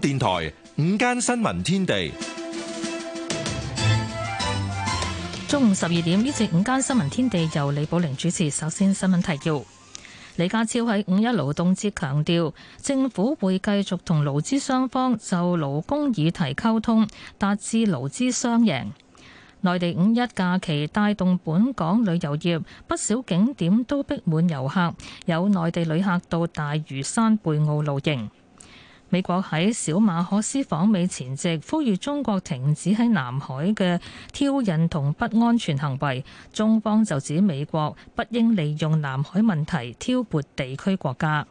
電台午間新聞天地，中午十二點，呢次午間新聞天地由李寶玲主持。首先新聞提要：李家超喺五一勞動節強調，政府會繼續同勞資雙方就勞工議題溝通，達至勞資雙贏。內地五一假期帶動本港旅遊業，不少景點都逼滿遊客，有內地旅客到大嶼山貝澳露營。美國喺小馬可斯訪美前夕，呼籲中國停止喺南海嘅挑釁同不安全行為。中方就指美國不應利用南海問題挑撥地區國家。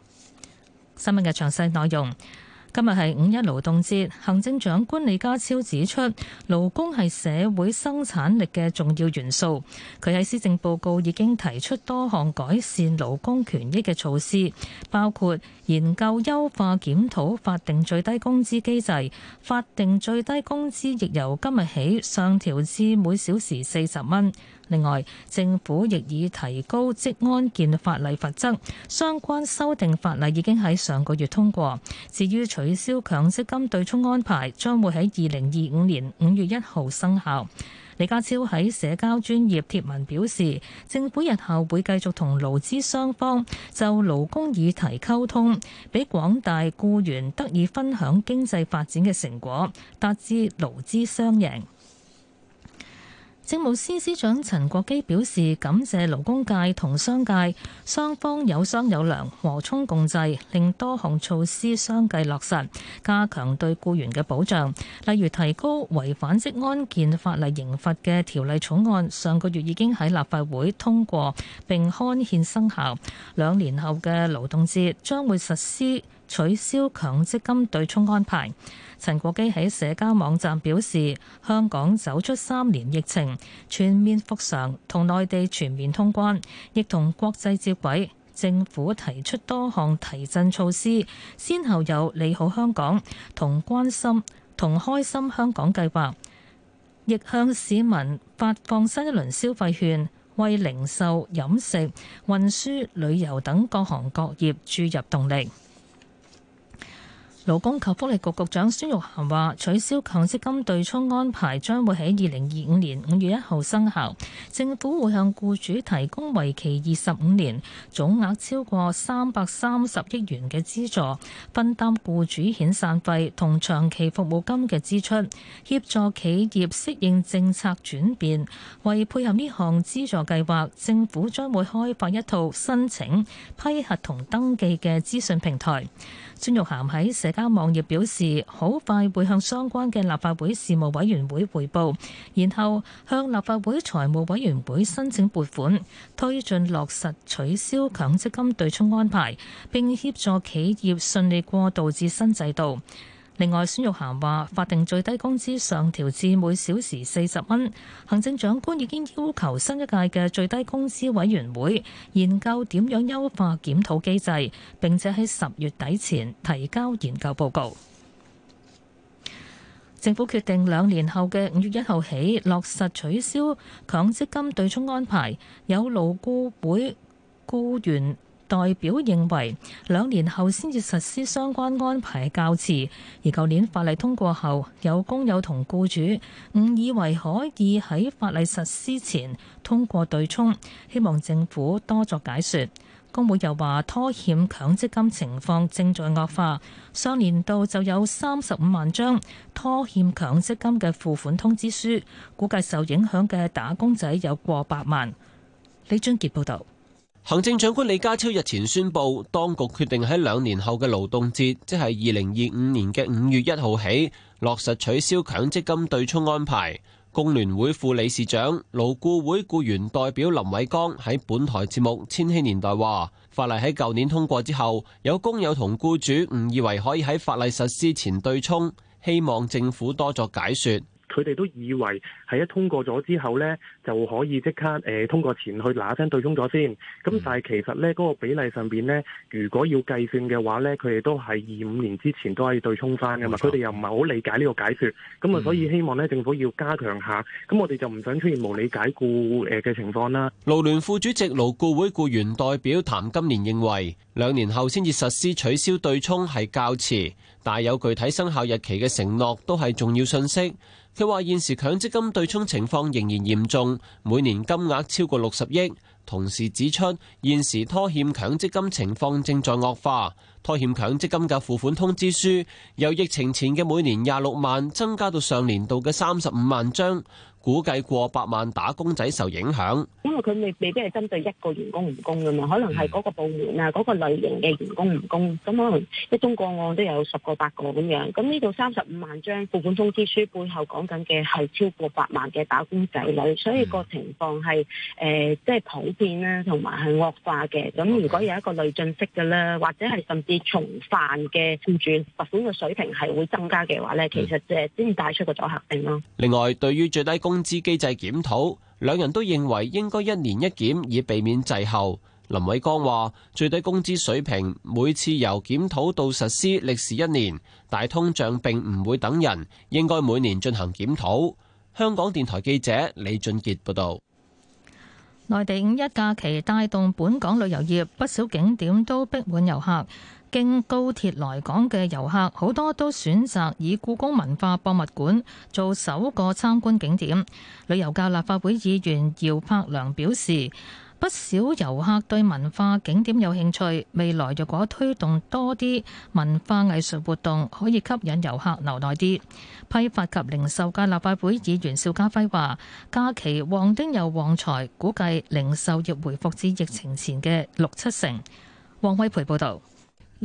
新聞嘅詳細內容。今日係五一勞動節，行政長官李家超指出，勞工係社會生產力嘅重要元素。佢喺施政報告已經提出多項改善勞工權益嘅措施，包括研究優化檢討法定最低工資機制，法定最低工資亦由今日起上調至每小時四十蚊。另外，政府亦已提高職安健法例罰則，相關修訂法例已經喺上個月通過，至於取消強積金對沖安排，將會喺二零二五年五月一號生效。李家超喺社交專業貼文表示，政府日後會繼續同勞資雙方就勞工議題溝通，俾廣大僱員得以分享經濟發展嘅成果，達至勞資雙贏。政務司司長陳國基表示，感謝勞工界同商界雙方有商有量、和衷共濟，令多項措施相繼落實，加強對雇員嘅保障。例如，提高違反職安健法例刑罰嘅條例草案，上個月已經喺立法會通過並刊憲生效。兩年後嘅勞動節將會實施。取消強積金對沖安排。陳國基喺社交網站表示，香港走出三年疫情，全面復常同內地全面通關，亦同國際接軌。政府提出多項提振措施，先後有你好香港同關心同開心香港計劃，亦向市民發放新一輪消費券，為零售、飲食、運輸、旅遊等各行各業注入動力。勞工及福利局局長孫玉菡話：取消強積金對沖安排將會喺二零二五年五月一號生效。政府會向僱主提供為期二十五年、總額超過三百三十億元嘅資助，分擔僱主遣散費同長期服務金嘅支出，協助企業適應政策轉變。為配合呢項資助計劃，政府將會開發一套申請、批核同登記嘅資訊平台。孫玉菡喺社交網頁表示，好快會向相關嘅立法會事務委員會彙報，然後向立法會財務委員會申請撥款，推進落實取消強積金對沖安排，並協助企業順利過渡至新制度。另外，孫玉菡話法定最低工資上調至每小時四十蚊。行政長官已經要求新一屆嘅最低工資委員會研究點樣優化檢討機制，並且喺十月底前提交研究報告。政府決定兩年後嘅五月一號起落實取消強積金對沖安排，有勞顧會僱員。代表認為兩年後先至實施相關安排較遲，而舊年法例通過後，有工友同僱主誤以為可以喺法例實施前通過對沖，希望政府多作解說。工會又話拖欠強積金情況正在惡化，上年度就有三十五萬張拖欠強積金嘅付款通知書，估計受影響嘅打工仔有過百萬。李俊傑報導。行政長官李家超日前宣佈，當局決定喺兩年後嘅勞動節，即係二零二五年嘅五月一號起落實取消強積金對沖安排。工聯會副理事長勞顧會雇員代表林偉剛喺本台節目《千禧年代》話，法例喺舊年通過之後，有工友同雇主誤以為可以喺法例實施前對沖，希望政府多作解說。佢哋都以為係一通過咗之後咧，就可以即刻誒通過前去嗱一聲對沖咗先。咁但係其實咧，嗰個比例上邊咧，如果要計算嘅話咧，佢哋都係二五年之前都可以對沖翻噶嘛。佢哋又唔係好理解呢個解說咁啊，所以希望咧政府要加強下。咁我哋就唔想出現無理解僱誒嘅情況啦。勞聯副主席、勞顧會顧員代表譚金年認為，兩年後先至實施取消對沖係較遲，但有具體生效日期嘅承諾都係重要信息。佢話現時強積金對沖情況仍然嚴重，每年金額超過六十億。同時指出，現時拖欠強積金情況正在惡化，拖欠強積金嘅付款通知書由疫情前嘅每年廿六萬增加到上年度嘅三十五萬張，估計過百萬打工仔受影響。因為佢未未必係針對一個員工唔供噶嘛，可能係嗰個部門啊，嗰個類型嘅員工唔供，咁可能一宗個案都有十個八個咁樣。咁呢度三十五萬張付款通知書背後講緊嘅係超過百萬嘅打工仔女，所以個情況係誒即係普遍啦，同埋係惡化嘅。咁如果有一個累進式嘅啦，或者係甚至重犯嘅付住罰款嘅水平係會增加嘅話咧，其實誒先帶出個阻嚇性咯。另外，對於最低工資機制檢討。兩人都認為應該一年一檢，以避免滯後。林偉光話：最低工資水平每次由檢討到實施歷時一年，大通脹並唔會等人，應該每年進行檢討。香港電台記者李俊傑報道。內地五一假期帶動本港旅遊業，不少景點都逼滿遊客。經高鐵來港嘅遊客，好多都選擇以故宮文化博物館做首個參觀景點。旅遊界立法會議員姚柏良表示，不少遊客對文化景點有興趣。未來若果推動多啲文化藝術活動，可以吸引遊客留耐啲。批發及零售界立法會議員邵家輝話，假期旺丁又旺財，估計零售業回復至疫情前嘅六七成。黃偉培報道。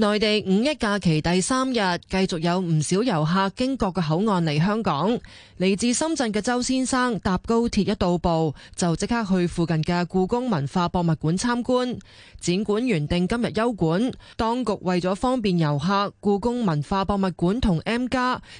內地五一假期第三日，繼續有唔少遊客經各個口岸嚟香港。嚟自深圳嘅周先生搭高鐵一到埗就即刻去附近嘅故宮文化博物館參觀。展館原定今日休館，當局為咗方便遊客，故宮文化博物館同 M+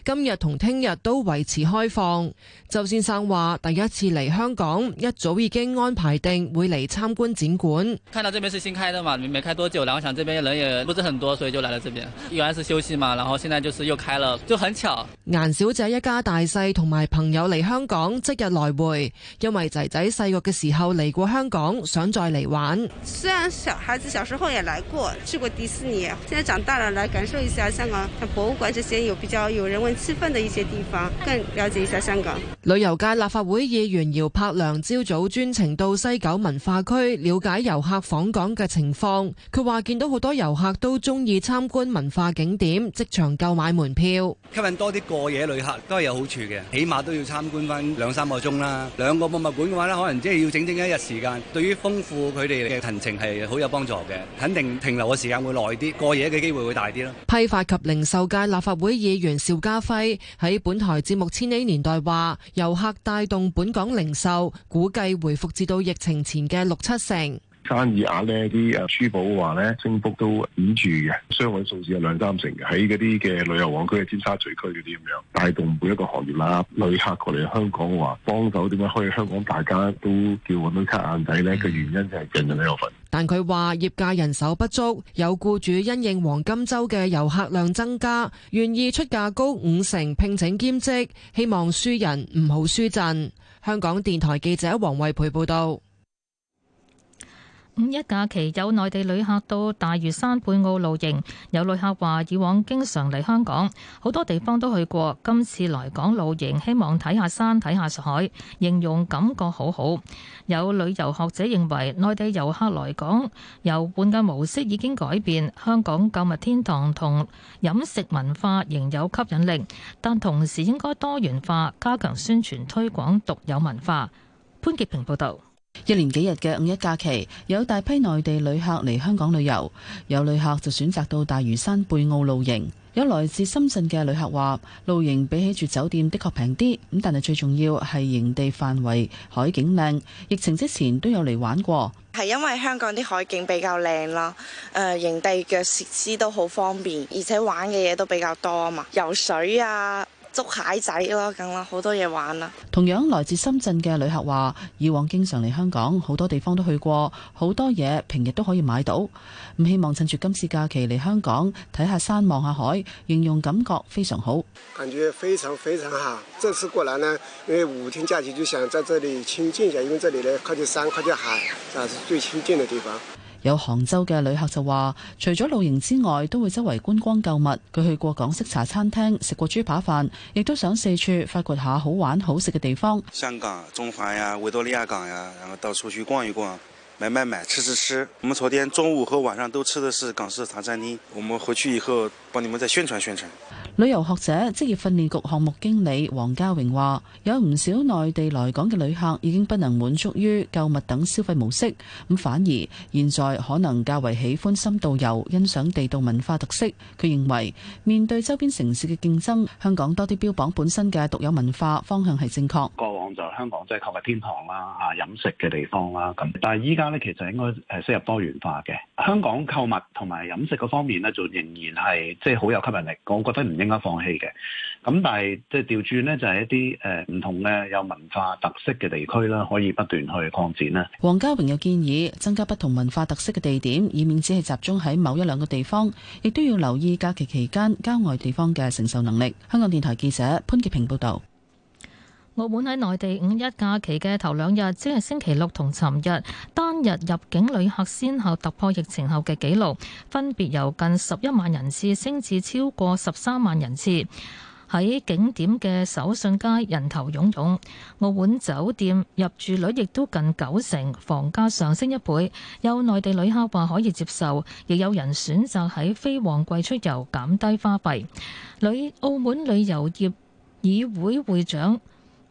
今日同聽日都維持開放。周先生話：第一次嚟香港，一早已經安排定會嚟參觀展館。看到這邊是新開的嘛，沒開多久啦，我想這邊人也不是很多。所以就來了這邊，原來是休息嘛，然後現在就是又開了，就很巧。顏小姐一家大細同埋朋友嚟香港即日來回，因為仔仔細個嘅時候嚟過香港，想再嚟玩。雖然小孩子小時候也來過，去過迪士尼，現在長大了嚟感受一下香港，博物館這些有比較有人文氣氛的一些地方，更了解一下香港。旅遊界立法會議員姚柏良朝早專程到西九文化區了解遊客訪港嘅情況，佢話見到好多遊客都中意參觀文化景點，即場購買門票，吸引多啲過夜旅客都係有好處嘅。起碼都要參觀返兩三個鐘啦。兩個博物館嘅話咧，可能即係要整整一日時間。對於豐富佢哋嘅行程係好有幫助嘅，肯定停留嘅時間會耐啲，過夜嘅機會會大啲咯。批發及零售界立法會議員邵家輝喺本台節目《千禧年代》話，遊客帶動本港零售，估計回復至到疫情前嘅六七成。生意額呢啲誒珠寶話呢，升幅都顯著嘅，商位數字有兩三成，喺嗰啲嘅旅遊旺區嘅尖沙咀區嗰啲咁樣，帶動每一個行業啦。旅客過嚟香港話幫手點樣開香港，大家都叫揾到擦眼底呢。個原因就係人人喺度瞓。但佢話業界人手不足，有僱主因應黃金週嘅遊客量增加，願意出價高五成聘請兼職，希望輸人唔好輸陣。香港電台記者黃慧培報道。五一假期有內地旅客到大嶼山貝澳露營，有旅客話以往經常嚟香港，好多地方都去過，今次來港露營希望睇下山睇下海，形容感覺好好。有旅遊學者認為內地遊客來港遊玩嘅模式已經改變，香港購物天堂同飲食文化仍有吸引力，但同時應該多元化，加強宣傳推廣獨有文化。潘潔平報導。一連幾日嘅五一假期，有大批內地旅客嚟香港旅遊。有旅客就選擇到大嶼山貝澳露營。有來自深圳嘅旅客話，露營比起住酒店的確平啲，咁但係最重要係營地範圍、海景靚。疫情之前都有嚟玩過，係因為香港啲海景比較靚啦。誒、呃，營地嘅設施都好方便，而且玩嘅嘢都比較多啊嘛，游水啊。捉蟹仔咯，咁咯，好多嘢玩啦。同樣來自深圳嘅旅客話，以往經常嚟香港，好多地方都去過，好多嘢平日都可以買到。唔希望趁住今次假期嚟香港睇下山望下海，形容感覺非常好。感覺非常非常好，這次過來呢，因為五天假期就想在這裡清靜一下，因為這裡呢靠近山靠近海，啊是最清靜的地方。有杭州嘅旅客就話，除咗露營之外，都會周圍觀光購物。佢去過港式茶餐廳，食過豬扒飯，亦都想四處發掘下好玩好食嘅地方。香港中環呀，維多利亞港呀，然後到處去逛一逛，買買買，吃吃吃。我們昨天中午和晚上都吃的是港式茶餐廳。我們回去以後，幫你們再宣傳宣傳。旅遊學者、職業訓練局項目經理黃家榮話，有唔少內地來港嘅旅客已經不能滿足於購物等消費模式，咁反而現在可能較為喜歡深度遊、欣賞地道文化特色。佢認為面對周邊城市嘅競爭，香港多啲標榜本身嘅獨有文化方向係正確。過往就香港即係購物天堂啦，吓飲食嘅地方啦，咁但係依家呢，其實應該係適合多元化嘅。香港購物同埋飲食嗰方面呢，就仍然係。即係好有吸引力，我覺得唔應該放棄嘅。咁但係即係調轉咧，就係一啲誒唔同嘅有文化特色嘅地區啦，可以不斷去擴展啦。黃家榮又建議增加不同文化特色嘅地點，以免只係集中喺某一兩個地方。亦都要留意假期期間郊外地方嘅承受能力。香港電台記者潘潔平報道。澳門喺內地五一假期嘅頭兩日，即係星期六同尋日，單日入境旅客先後突破疫情後嘅紀錄，分別由近十一萬人次升至超過十三萬人次。喺景點嘅手信街人頭湧湧，澳門酒店入住率亦都近九成，房價上升一倍。有內地旅客話可以接受，亦有人選擇喺非旺季出遊，減低花費。旅澳門旅遊業議會會會長。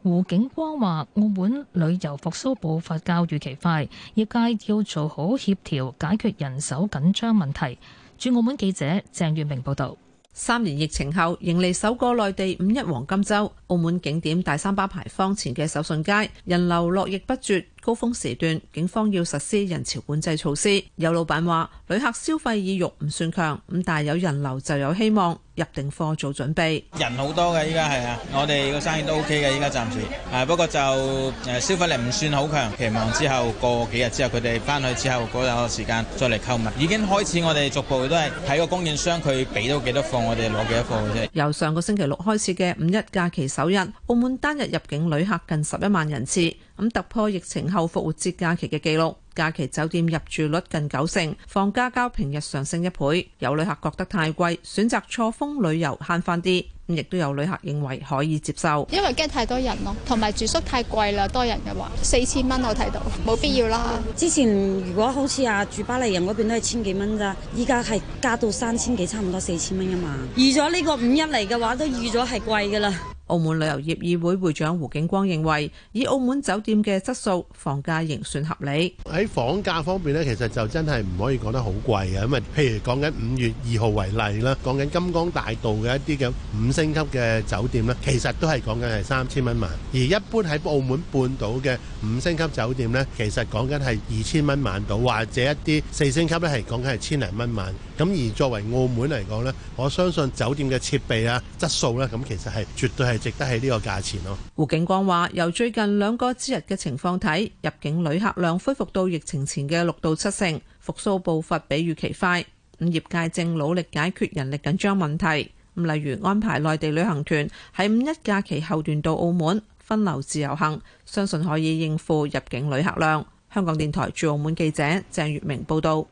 胡景光話：澳門旅遊復甦步伐較預期快，業界要做好協調，解決人手緊張問題。駐澳門記者鄭月明報導。三年疫情後，迎嚟首個內地五一黃金週，澳門景點大三巴牌坊前嘅手信街人流絡繹不絕。高峰時段，警方要實施人潮管制措施。有老闆話旅客消費意欲唔算強，咁但係有人流就有希望入定貨做準備。人好多嘅依家係啊，我哋個生意都 OK 嘅，依家暫時啊，不過就誒消費力唔算好強，期望之後過幾日之後，佢哋翻去之後嗰個時間再嚟購物。已經開始，我哋逐步都係睇個供應商佢俾到幾多貨，我哋攞幾多貨嘅啫。由上個星期六開始嘅五一假期首日，澳門單日入境旅客近十一萬人次。咁突破疫情後復活節假期嘅記錄。假期酒店入住率近九成，房價較平日上升一倍。有旅客覺得太貴，選擇錯峰旅遊慳翻啲。亦都有旅客認為可以接受，因為驚太多人咯，同埋住宿太貴啦。多人嘅話，四千蚊我睇到冇必要啦。之前如果好似啊住巴黎人嗰邊都係千幾蚊咋，依家係加到三千幾，差唔多四千蚊噶嘛。預咗呢個五一嚟嘅話，都預咗係貴噶啦。澳門旅遊業議會會長胡景光認為，以澳門酒店嘅質素，房價仍算合理。房價方面咧，其實就真係唔可以講得好貴嘅，咁啊，譬如講緊五月二號為例啦，講緊金光大道嘅一啲嘅五星級嘅酒店咧，其實都係講緊係三千蚊萬，而一般喺澳門半島嘅。五星級酒店呢，其實講緊係二千蚊晚到，或者一啲四星級咧，係講緊係千零蚊晚。咁而作為澳門嚟講咧，我相信酒店嘅設備啊、質素呢、啊，咁其實係絕對係值得喺呢個價錢咯、啊。胡景光話：由最近兩個之日嘅情況睇，入境旅客量恢復到疫情前嘅六到七成，復甦步伐比預期快。咁業界正努力解決人力緊張問題，例如安排內地旅行團喺五一假期後段到澳門。分流自由行，相信可以應付入境旅客量。香港電台駐澳門記者鄭月明報道。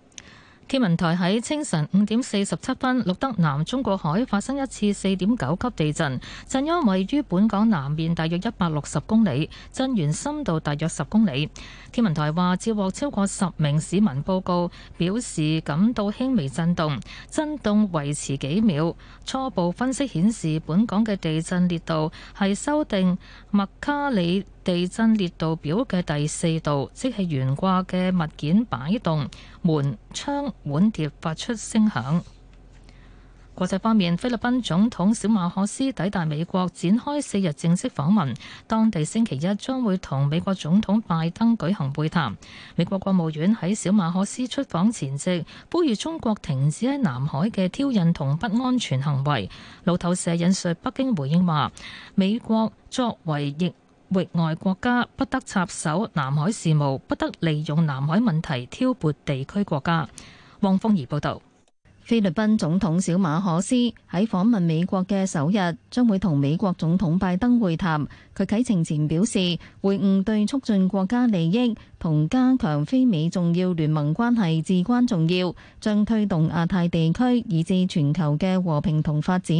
天文台喺清晨五點四十七分錄得南中國海發生一次四點九級地震，震央位於本港南面大約一百六十公里，震源深度大約十公里。天文台話接獲超過十名市民報告，表示感到輕微震動，震動維持幾秒。初步分析顯示，本港嘅地震烈度係修訂麥卡里地震烈度表嘅第四度，即係懸掛嘅物件擺動，門窗碗碟發出聲響。國際方面，菲律賓總統小馬可斯抵達美國展開四日正式訪問，當地星期一將會同美國總統拜登舉行會談，美國國務院喺小馬可斯出訪前夕，呼籲中國停止喺南海嘅挑釁同不安全行為，路透社引述北京回應話美國作為逆。域外國家不得插手南海事務，不得利用南海問題挑撥地區國家。汪峰怡報導，菲律賓總統小馬可斯喺訪問美國嘅首日，將會同美國總統拜登會談。佢啟程前表示，會晤對促進國家利益同加強菲美重要聯盟關係至關重要，將推動亞太地區以至全球嘅和平同發展。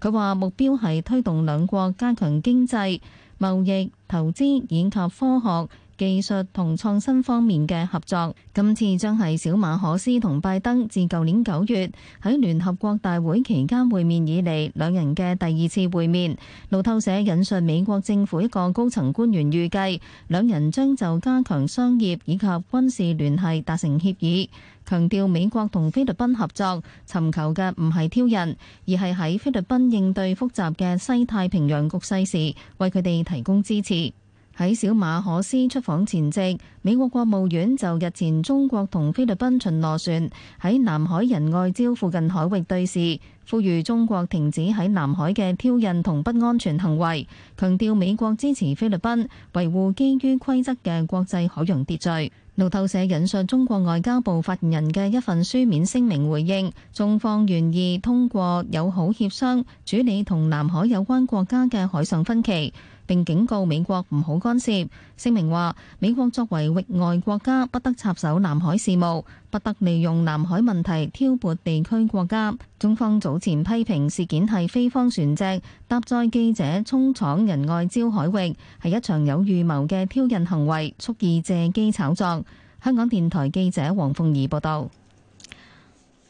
佢話目標係推動兩國加強經濟。貿易、投資以及科學、技術同創新方面嘅合作，今次將係小馬可斯同拜登自舊年九月喺聯合國大會期間會面以嚟，兩人嘅第二次會面。路透社引述美國政府一個高層官員預計，兩人將就加強商業以及軍事聯繫達成協議，強調美國同菲律賓合作尋求嘅唔係挑釁，而係喺菲律賓應對複雜嘅西太平洋局勢時，為佢哋提供支持。喺小馬可斯出訪前夕，美國國務院就日前中國同菲律賓巡邏船喺南海仁愛礁附近海域對峙，呼籲中國停止喺南海嘅挑釁同不安全行為，強調美國支持菲律賓維護基於規則嘅國際海洋秩序。路透社引述中國外交部發言人嘅一份書面聲明回應，中方願意通過友好協商處理同南海有關國家嘅海上分歧。並警告美國唔好干涉。聲明話：美國作為域外國家，不得插手南海事務，不得利用南海問題挑撥地區國家。中方早前批評事件係菲方船隻搭載記者衝闖仁愛礁海域，係一場有預謀嘅挑釁行為，蓄意借機炒作。香港電台記者黃鳳儀報道。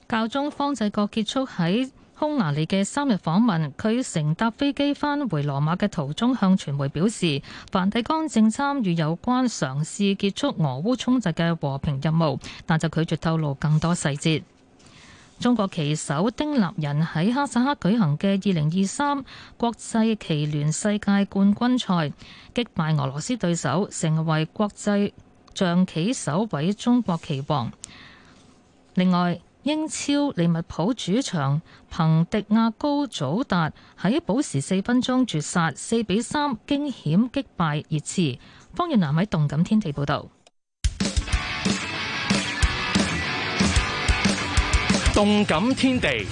教中方制國結束喺匈牙利嘅三日訪問，佢乘搭飛機返回羅馬嘅途中，向傳媒表示，梵蒂岡正參與有關嘗試結束俄烏衝突嘅和平任務，但就拒絕透露更多細節。中國棋手丁立人喺哈薩克舉行嘅二零二三國際棋聯世界冠軍賽，擊敗俄羅斯對手，成為國際象棋首位中國棋王。另外，英超利物浦主場，憑迪亞高祖達喺補時四分鐘絕殺，四比三驚險擊敗熱刺。方若南喺動感天地報道。動感天地，天地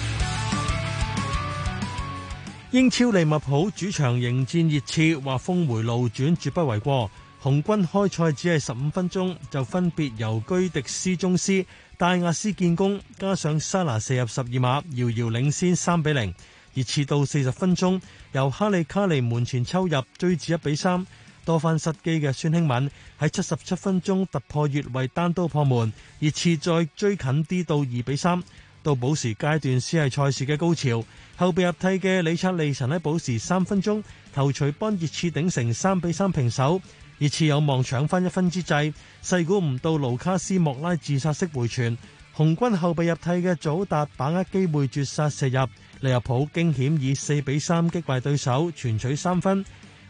英超利物浦主場迎戰熱刺，話峰迴路轉，絕不為過。紅軍開賽只係十五分鐘，就分別由居迪斯宗斯、戴亞斯建功，加上沙拿射入十二碼，遙遙領先三比零。熱刺到四十分鐘，由哈利卡尼門前抽入追至一比三。多番失機嘅孫興慜喺七十七分鐘突破越位，單刀破門，熱刺再追近啲到二比三。到補時階段先係賽事嘅高潮，後備入替嘅李察利臣喺補時三分鐘頭槌幫熱刺頂成三比三平手。以次有望搶翻一分之際，細估唔到盧卡斯莫拉自殺式回傳，紅軍後備入替嘅祖達把握機會絕殺射入，利物浦驚險以四比三擊敗對手，全取三分。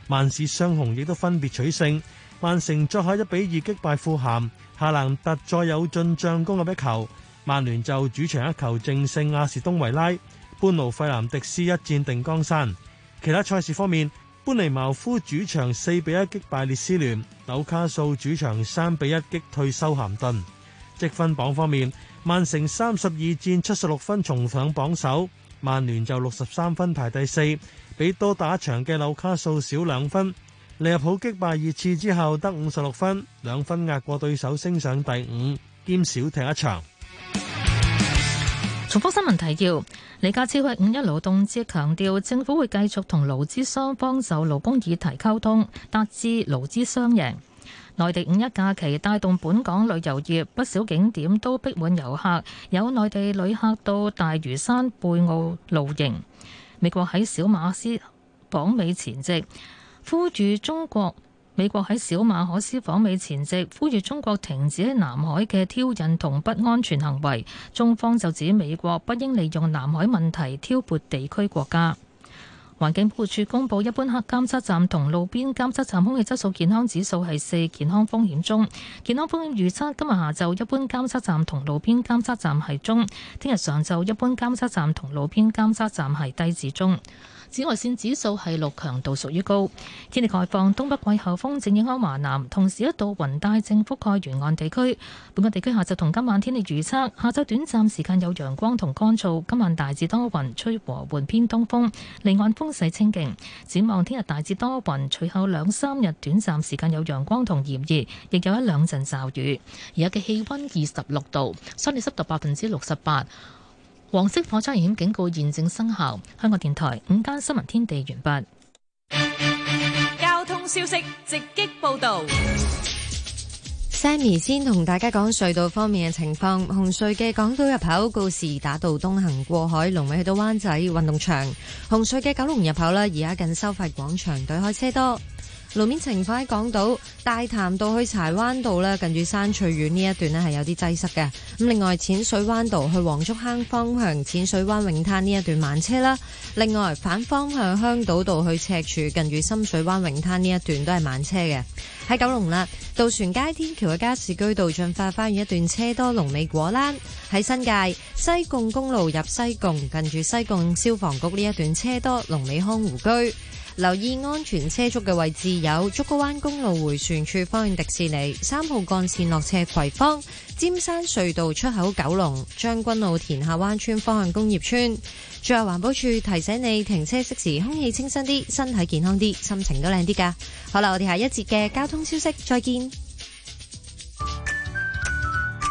曼市雙雄亦都分別取勝，曼城作客一比二擊敗富咸，夏蘭特再有進賬攻入一球，曼聯就主場一球淨勝亞士東維拉，般奴費南迪斯一戰定江山。其他賽事方面。般尼茅夫主場四比一擊敗列斯聯，紐卡素主場三比一擊退修咸頓。積分榜方面，曼城三十二戰七十六分重上榜首，曼聯就六十三分排第四，比多打場嘅紐卡素少兩分。利物浦擊敗熱刺之後得五十六分，兩分壓過對手升上第五，兼少踢一場。重複新聞提要：李家超喺五一勞動節強調，政府會繼續同勞資雙方就勞工議題溝通，達至勞資雙贏。內地五一假期帶動本港旅遊業，不少景點都逼滿遊客，有內地旅客到大嶼山貝澳露營。美國喺小馬斯訪美前夕，呼籲中國。美國喺小馬可斯訪美前夕，呼籲中國停止喺南海嘅挑釁同不安全行為。中方就指美國不應利用南海問題挑撥地區國家。環境保護署公布，一般黑監測站同路邊監測站空氣質素健康指數係四，健康風險中。健康風險預測今日下晝一般監測站同路邊監測站係中，聽日上晝一般監測站同路邊監測站係低至中。紫外線指數係六，強度屬於高。天氣概況，東北季候風正影響華南，同時一度雲帶正覆蓋沿岸地區。本港地區下晝同今晚天氣預測，下晝短暫時間有陽光同乾燥，今晚大致多雲，吹和緩偏，偏東風，離岸風勢清勁。展望聽日大致多雲，隨後兩三日短暫時間有陽光同炎熱，亦有一兩陣驟雨。而家嘅氣温二十六度，室內濕度百分之六十八。黃色火災危險警告現正生效。香港電台午間新聞天地完畢。交通消息直擊報道。Sammy 先同大家講隧道方面嘅情況。紅隧嘅港島入口告士打道東行過海，龍尾去到灣仔運動場。紅隧嘅九龍入口啦，而家近收費廣場對開車多。路面情況喺港島大潭道去柴灣道咧，近住山翠苑呢一段呢係有啲擠塞嘅。咁另外淺水灣道去黃竹坑方向淺水灣泳灘呢一段慢車啦。另外反方向香島道去赤柱近住深水灣泳灘呢一段都係慢車嘅。喺九龍啦，渡船街天橋嘅加士居道進化花園一段車多，龍尾果欄。喺新界西貢公路入西貢近住西貢消防局呢一段車多，龍尾康湖居。留意安全車速嘅位置有：竹篙灣公路回旋處方向迪士尼、三號幹線落斜葵芳、尖山隧道出口九龍、將軍澳田下灣村方向工業村。最後環保處提醒你停車熄匙，空氣清新啲，身體健康啲，心情都靚啲㗎。好啦，我哋下一節嘅交通消息，再見。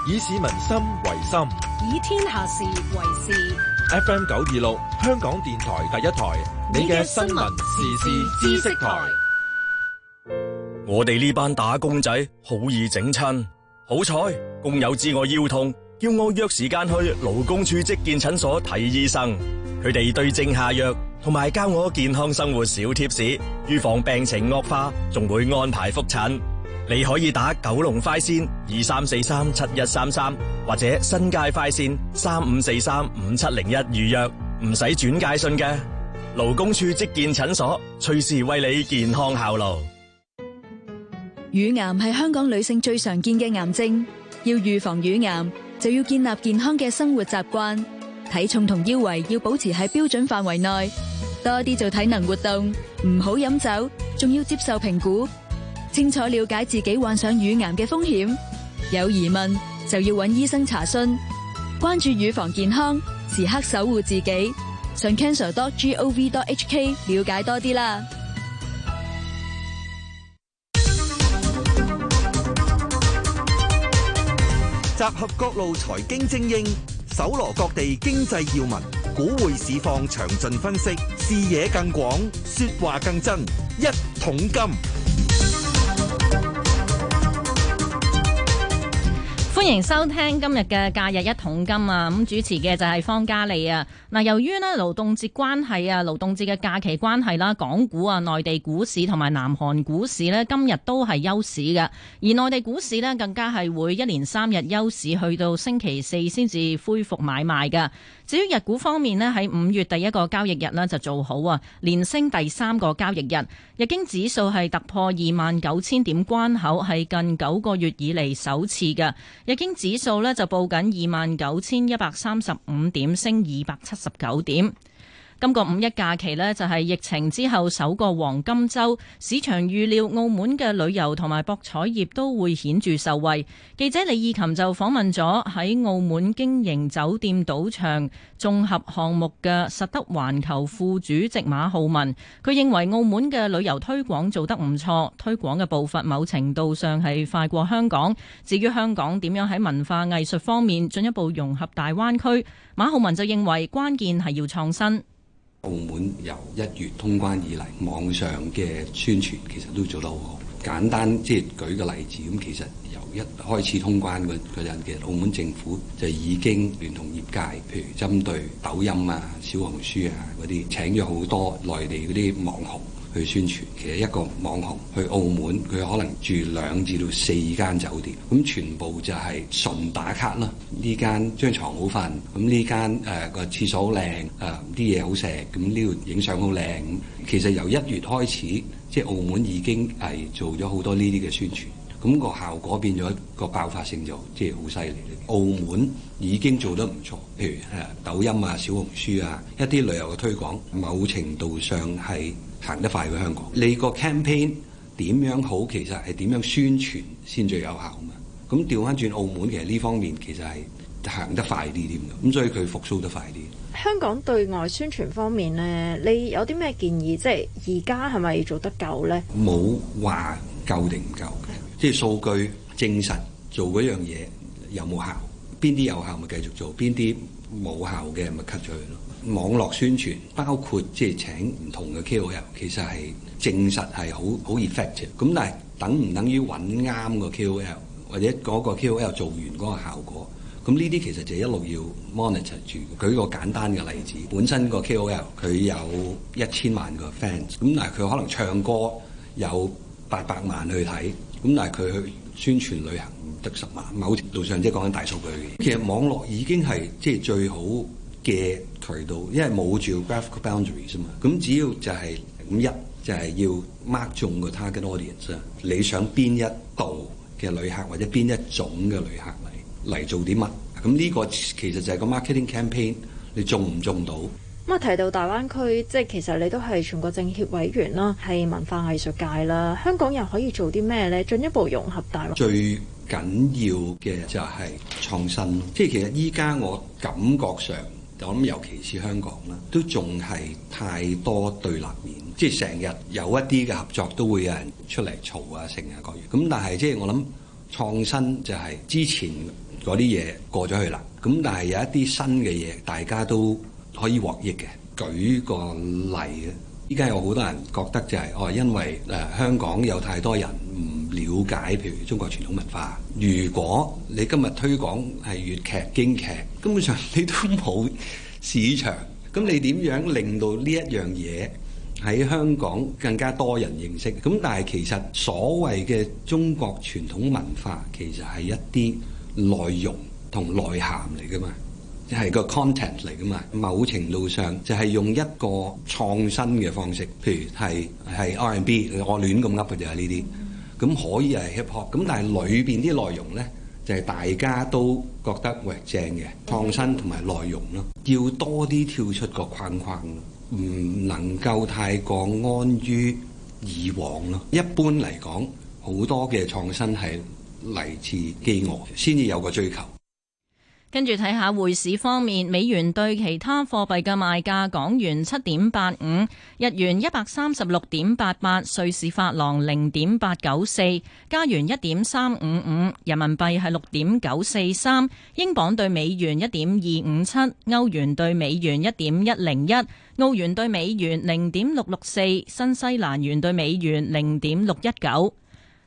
以市民心為心，以天下事為事。FM 九二六，香港電台第一台，你嘅新聞時事知識台。我哋呢班打工仔好易整親，好彩工友知我腰痛，叫我約時間去勞工處職健診所睇醫生。佢哋對症下藥，同埋教我健康生活小貼士，預防病情惡化，仲會安排複診。你可以打九龍快線二三四三七一三三，或者新界快線三五四三五七零一預約，唔使轉介信嘅勞工處職健診所隨時為你健康效勞。乳癌係香港女性最常見嘅癌症，要預防乳癌就要建立健康嘅生活習慣，體重同腰圍要保持喺標準範圍內，多啲做體能活動，唔好飲酒，仲要接受評估。清楚了解自己患上乳癌嘅風險，有疑問就要搵醫生查詢。關注乳房健康，時刻守護自己。上 cancer.gov.hk 了解多啲啦！集合各路財經精英，搜羅各地經濟要聞、股匯市況，詳盡分析，視野更廣，說話更真，一桶金。歡迎收聽今日嘅假日一桶金啊！咁主持嘅就係方嘉莉啊。嗱，由於呢勞動節關係啊，勞動節嘅假期關係啦，港股啊、內地股市同埋南韓股市呢，今日都係休市㗎。而內地股市呢，更加係會一連三日休市，去到星期四先至恢復買賣㗎。至於日股方面呢，喺五月第一個交易日呢就做好啊，連升第三個交易日，日經指數係突破二萬九千點關口，係近九個月以嚟首次嘅。日經指數呢就報緊二萬九千一百三十五點，升二百七十九點。今個五一假期呢，就係疫情之後首個黃金週，市場預料澳門嘅旅遊同埋博彩業都會顯著受惠。記者李義琴就訪問咗喺澳門經營酒店、賭場綜合項目嘅實德環球副主席馬浩文。佢認為澳門嘅旅遊推廣做得唔錯，推廣嘅步伐某程度上係快過香港。至於香港點樣喺文化藝術方面進一步融合大灣區，馬浩文就認為關鍵係要創新。澳門由一月通關以嚟，網上嘅宣傳其實都做得好好。簡單即係、就是、舉個例子，咁其實由一開始通關嗰嗰陣，其實澳門政府就已經聯同業界，譬如針對抖音啊、小紅書啊嗰啲，請咗好多內地嗰啲網紅。去宣傳，其實一個網紅去澳門，佢可能住兩至到四間酒店，咁全部就係純打卡啦。呢間張床好瞓，咁呢間誒個、呃、廁所好靚，誒啲嘢好食，咁呢度影相好靚。其實由一月開始，即係澳門已經係做咗好多呢啲嘅宣傳，咁、那個效果變咗個爆發性就即係好犀利。澳門已經做得唔錯，譬如誒、呃、抖音啊、小紅書啊，一啲旅遊嘅推廣，某程度上係。行得快過香港，你個 campaign 點樣好？其實係點樣宣傳先最有效嘛？咁調翻轉澳門，其實呢方面其實係行得快啲添，咁所以佢復甦得快啲。香港對外宣傳方面咧，你有啲咩建議？即係而家係咪要做得夠咧？冇話夠定唔夠嘅，即係數據證實做嗰樣嘢有冇效，邊啲有效咪繼續做，邊啲。冇效嘅咪 cut 咗佢咯。網絡宣傳包括即係請唔同嘅 KOL，其實係證實係好好 effective。咁但係等唔等於揾啱個 KOL 或者嗰個 KOL 做完嗰個效果？咁呢啲其實就一路要 monitor 住。舉個簡單嘅例子，本身個 KOL 佢有一千萬個 fans，咁但係佢可能唱歌有八百萬去睇，咁但係佢。宣傳旅行唔得十萬，某程度上即係講緊大數據。其實網絡已經係即係最好嘅渠道，因為冇住 geographical boundaries 啫嘛。咁只要就係、是、五一就係、是、要 mark 中個 target audience 啊，你想邊一度嘅旅客或者邊一種嘅旅客嚟嚟做啲乜？咁呢個其實就係個 marketing campaign，你中唔中到？咁啊，提到大灣區，即係其實你都係全國政協委員啦，係文化藝術界啦。香港人可以做啲咩咧？進一步融合大灣區，最緊要嘅就係創新。即係其實依家我感覺上，我諗尤其是香港啦，都仲係太多對立面，即係成日有一啲嘅合作都會有人出嚟嘈啊，成日 𠮶 樣咁。但係即係我諗創新就係之前嗰啲嘢過咗去啦。咁但係有一啲新嘅嘢，大家都～可以獲益嘅。舉個例咧，依家有好多人覺得就係哦，因為誒香港有太多人唔了解譬如中國傳統文化。如果你今日推廣係粵劇、京劇，根本上你都冇市場。咁你點樣令到呢一樣嘢喺香港更加多人認識？咁但係其實所謂嘅中國傳統文化，其實係一啲內容同內涵嚟噶嘛。係個 content 嚟㗎嘛，某程度上就係用一個創新嘅方式，譬如係係 R&B 我亂咁噏嘅就係呢啲，咁可以係 hip hop，咁但係裏邊啲內容咧就係、是、大家都覺得誒、哎、正嘅創新同埋內容咯，要多啲跳出個框框，唔能夠太過安於以往咯。一般嚟講，好多嘅創新係嚟自饑餓，先至有個追求。跟住睇下匯市方面，美元對其他貨幣嘅賣價：港元七點八五，日元一百三十六點八八，瑞士法郎零點八九四，加元一點三五五，人民幣係六點九四三，英鎊對美元一點二五七，歐元對美元一點一零一，澳元對美元零點六六四，新西蘭元對美元零點六一九。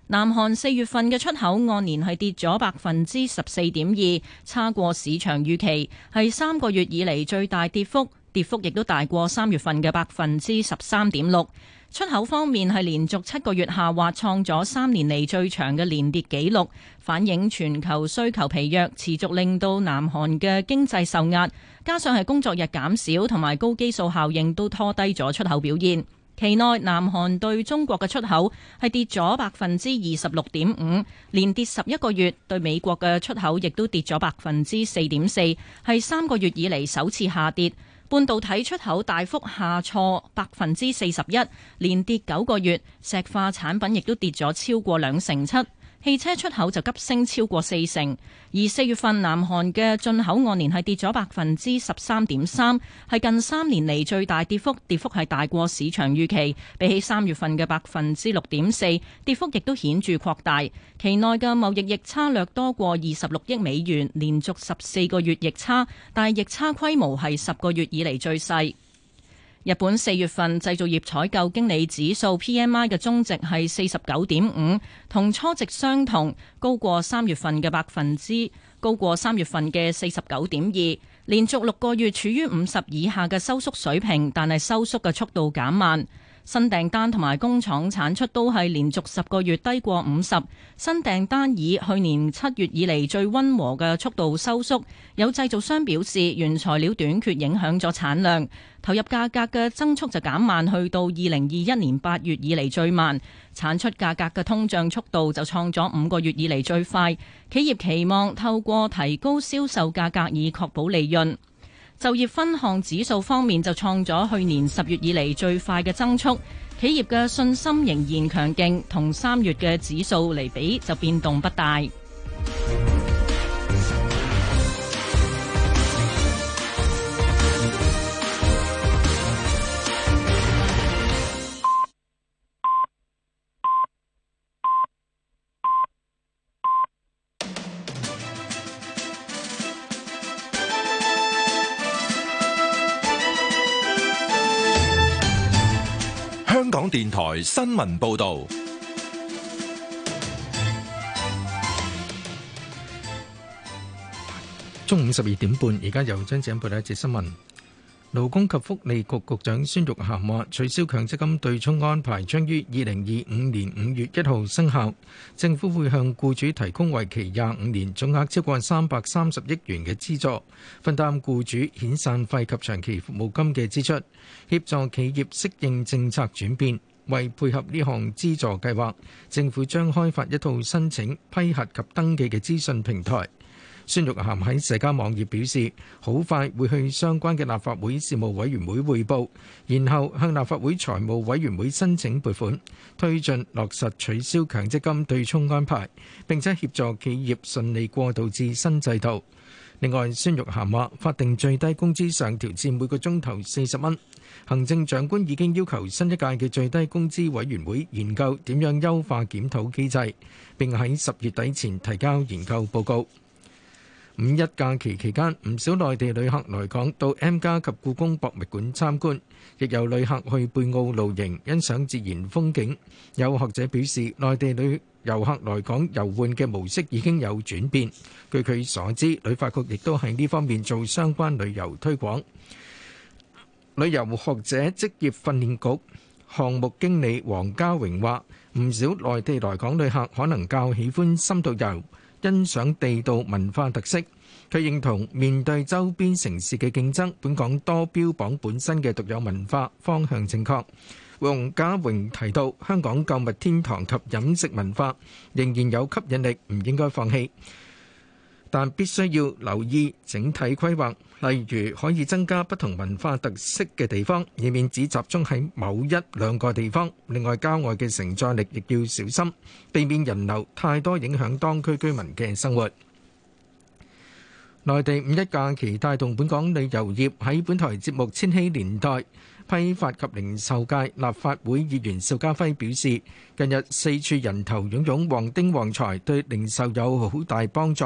南韓四月份嘅出口按年係跌咗百分之十四點二，差過市場預期，係三個月以嚟，最大跌幅，跌幅亦都大過三月份嘅百分之十三點六。出口方面係連續七個月下滑，創咗三年嚟最長嘅連跌紀錄，反映全球需求疲弱，持續令到南韓嘅經濟受壓，加上係工作日減少同埋高基數效應都拖低咗出口表現。期內，南韓對中國嘅出口係跌咗百分之二十六點五，連跌十一個月；對美國嘅出口亦都跌咗百分之四點四，係三個月以嚟首次下跌。半導體出口大幅下挫百分之四十一，連跌九個月；石化產品亦都跌咗超過兩成七。汽車出口就急升超過四成，而四月份南韓嘅進口按年係跌咗百分之十三點三，係近三年嚟最大跌幅，跌幅係大過市場預期。比起三月份嘅百分之六點四，跌幅亦都顯著擴大。期內嘅貿易逆差略多過二十六億美元，連續十四個月逆差，但係逆差規模係十個月以嚟最細。日本四月份製造業採購經理指數 PMI 嘅終值係四十九點五，5，同初值相同，高過三月份嘅百分之，高過三月份嘅四十九點二，連續六個月處於五十以下嘅收縮水平，但係收縮嘅速度減慢。新訂單同埋工廠產出都係連續十個月低過五十，新訂單以去年七月以嚟最温和嘅速度收縮。有製造商表示，原材料短缺影響咗產量，投入價格嘅增速就減慢，去到二零二一年八月以嚟最慢。產出價格嘅通脹速度就創咗五個月以嚟最快。企業期望透過提高銷售價格以確保利潤。就業分項指數方面，就創咗去年十月以嚟最快嘅增速，企業嘅信心仍然強勁，同三月嘅指數嚟比就變動不大。香港電台新聞報道，中午十二點半，而家由張子恩報道一節新聞。勞工及福利局局長孫玉菡話：取消強積金對沖安排將於二零二五年五月一號生效。政府會向僱主提供為期廿五年、總額超過三百三十億元嘅資助，分擔僱主遣散費及長期服務金嘅支出，協助企業適應政策轉變。為配合呢項資助計劃，政府將開發一套申請、批核及登記嘅資訊平台。孫玉涵喺社交網頁表示，好快會去相關嘅立法會事務委員會匯報，然後向立法會財務委員會申請撥款，推進落實取消強積金對沖安排，並且協助企業順利過渡至新制度。另外，孫玉涵話法定最低工資上調至每個鐘頭四十蚊，行政長官已經要求新一屆嘅最低工資委員會研究點樣優化檢討機制，並喺十月底前提交研究報告。五一假期期間，唔少內地旅客來港到 M+ 及故宮博物館參觀，亦有旅客去貝澳露營欣賞自然風景。有學者表示，內地旅遊客來港遊玩嘅模式已經有轉變。據佢所知，旅發局亦都喺呢方面做相關旅遊推廣。旅遊學者職業訓練局項目經理黃家榮話，唔少內地來港旅客可能較喜歡深度遊。欣賞地道文化特色，佢認同面對周邊城市嘅競爭，本港多標榜本身嘅獨有文化方向正確。黃家榮提到，香港購物天堂及飲食文化仍然有吸引力，唔應該放棄。但必須要留意整體規劃，例如可以增加不同文化特色嘅地方，以免只集中喺某一兩個地方。另外，郊外嘅承載力亦要小心，避免人流太多，影響當區居民嘅生活。內地五一假期帶動本港旅遊業喺本台節目《千禧年代》。批發及零售界立法會議員邵家輝表示，近日四處人頭湧湧，旺丁旺財對零售有好大幫助。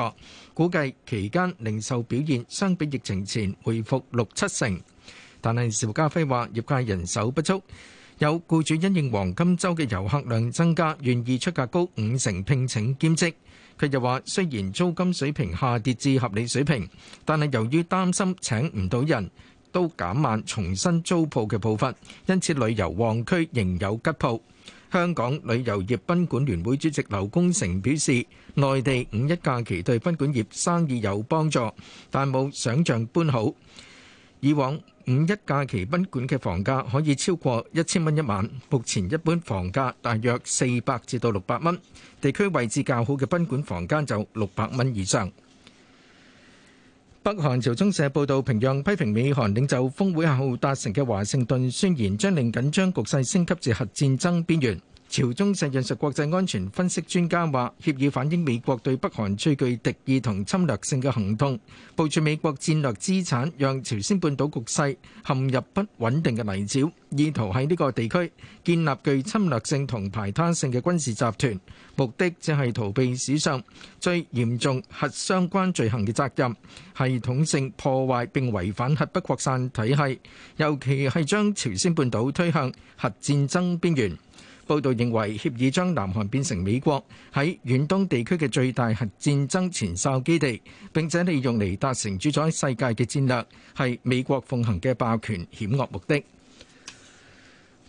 估計期間零售表現相比疫情前回復六七成。但係邵家輝話，業界人手不足，有雇主因應黃金周嘅遊客量增加，願意出價高五成聘請兼職。佢又話，雖然租金水平下跌至合理水平，但係由於擔心請唔到人，都減慢重新租鋪嘅步伐，因此旅遊旺區仍有吉鋪。香港旅遊業賓館聯會主席劉功成表示，內地五一假期對賓館業生意有幫助，但冇想像般好。以往五一假期賓館嘅房價可以超過一千蚊一晚，目前一般房價大約四百至到六百蚊，地區位置較好嘅賓館房間就六百蚊以上。北韓朝中社報道，平壤批評美韓領袖峰會後達成嘅華盛頓宣言，將令緊張局勢升級至核戰爭邊緣。朝中社引述國際安全分析專家話，協議反映美國對北韓最具敵意同侵略性嘅行動，部署美國戰略資產讓朝鮮半島局勢陷入不穩定嘅泥沼，意圖喺呢個地區建立具侵略性同排他性嘅軍事集團，目的就係逃避史上最嚴重核相關罪行嘅責任，系統性破壞並違反核不擴散體系，尤其係將朝鮮半島推向核戰爭邊緣。報道認為協議將南韓變成美國喺遠東地區嘅最大核戰爭前哨基地，並且利用嚟達成主宰世界嘅戰略，係美國奉行嘅霸權險惡目的。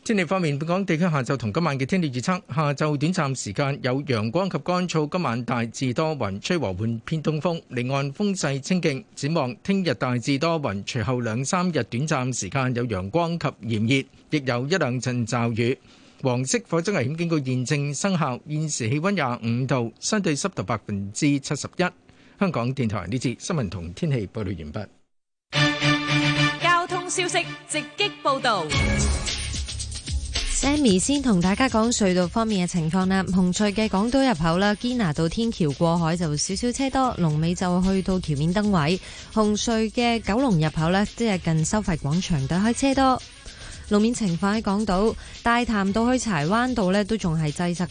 天氣方面，本港地區下晝同今晚嘅天氣預測：下晝短暫時間有陽光及乾燥，今晚大致多雲，吹和緩偏東風，離岸風勢清勁。展望聽日大致多雲，隨後兩三日短暫時間有陽光及炎熱，亦有一兩陣驟雨。黃色火災危險警告現正生效，現時氣溫廿五度，相對濕度百分之七十一。香港電台呢節新聞同天氣報道完畢。交通消息直擊報道。Sammy 先同大家講隧道方面嘅情況啦。紅隧嘅港島入口啦，堅拿道天橋過海就少少車多，龍尾就去到橋面燈位。紅隧嘅九龍入口呢，即係近收費廣場對開車多。路面情況喺港島，大潭道去柴灣道咧，都仲係擠塞。